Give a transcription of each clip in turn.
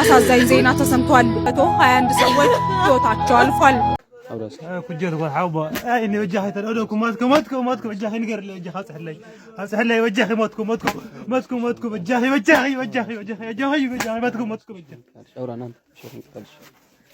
አሳዛኝ ዜና ተሰምቷል። መቶ 21 ሰዎች ህይወታቸው አልፏል።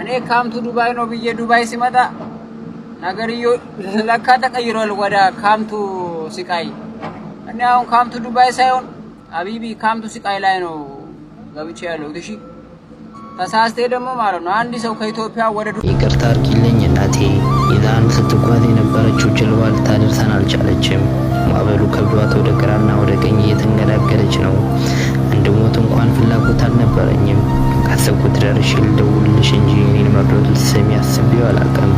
እኔ ካምቱ ዱባይ ነው ብዬ ዱባይ ሲመጣ ነገርዮ ለካ ተቀይሯል ወደ ካምቱ ሲቃይ እኔ አሁን ካምቱ ዱባይ ሳይሆን አቢቢ ካምቱ ሲቃይ ላይ ነው ገብቼ ያለሁት። እሺ ተሳስቴ ደግሞ ማለት ነው አንድ ሰው ከኢትዮጵያ ወደ ዱ ይቅርታ አድርጊልኝ እናቴ፣ ይዛን ስትጓዝ የነበረችው ጀልባ ልታደርሰን አልቻለችም። ማዕበሉ ከብዷት ወደ ግራና ወደ ቀኝ እየተንገዳገደች ነው። እንድሞት እንኳን ፍላጎት አልነበረኝም። ካሰብኩት ደርሼ ልደውል አንቺ እንጂ እኔን መርዶት ልትሰሚ አስቤው አላውቅም።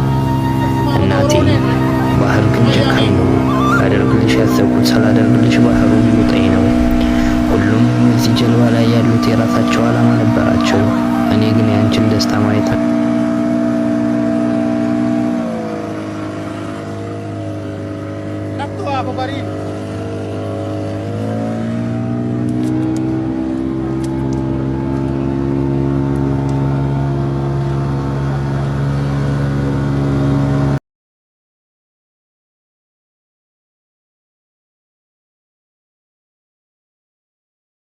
እናቴ ባህር ግን ጨካኝ ነው። ላደርግልሽ ያሰብኩት ስላደርግልሽ ባህሩ ሊውጠኝ ነው። ሁሉም እዚህ ጀልባ ላይ ያሉት የራሳቸው ዓላማ ነበራቸው። እኔ ግን የአንችን ደስታ ማየት ነው።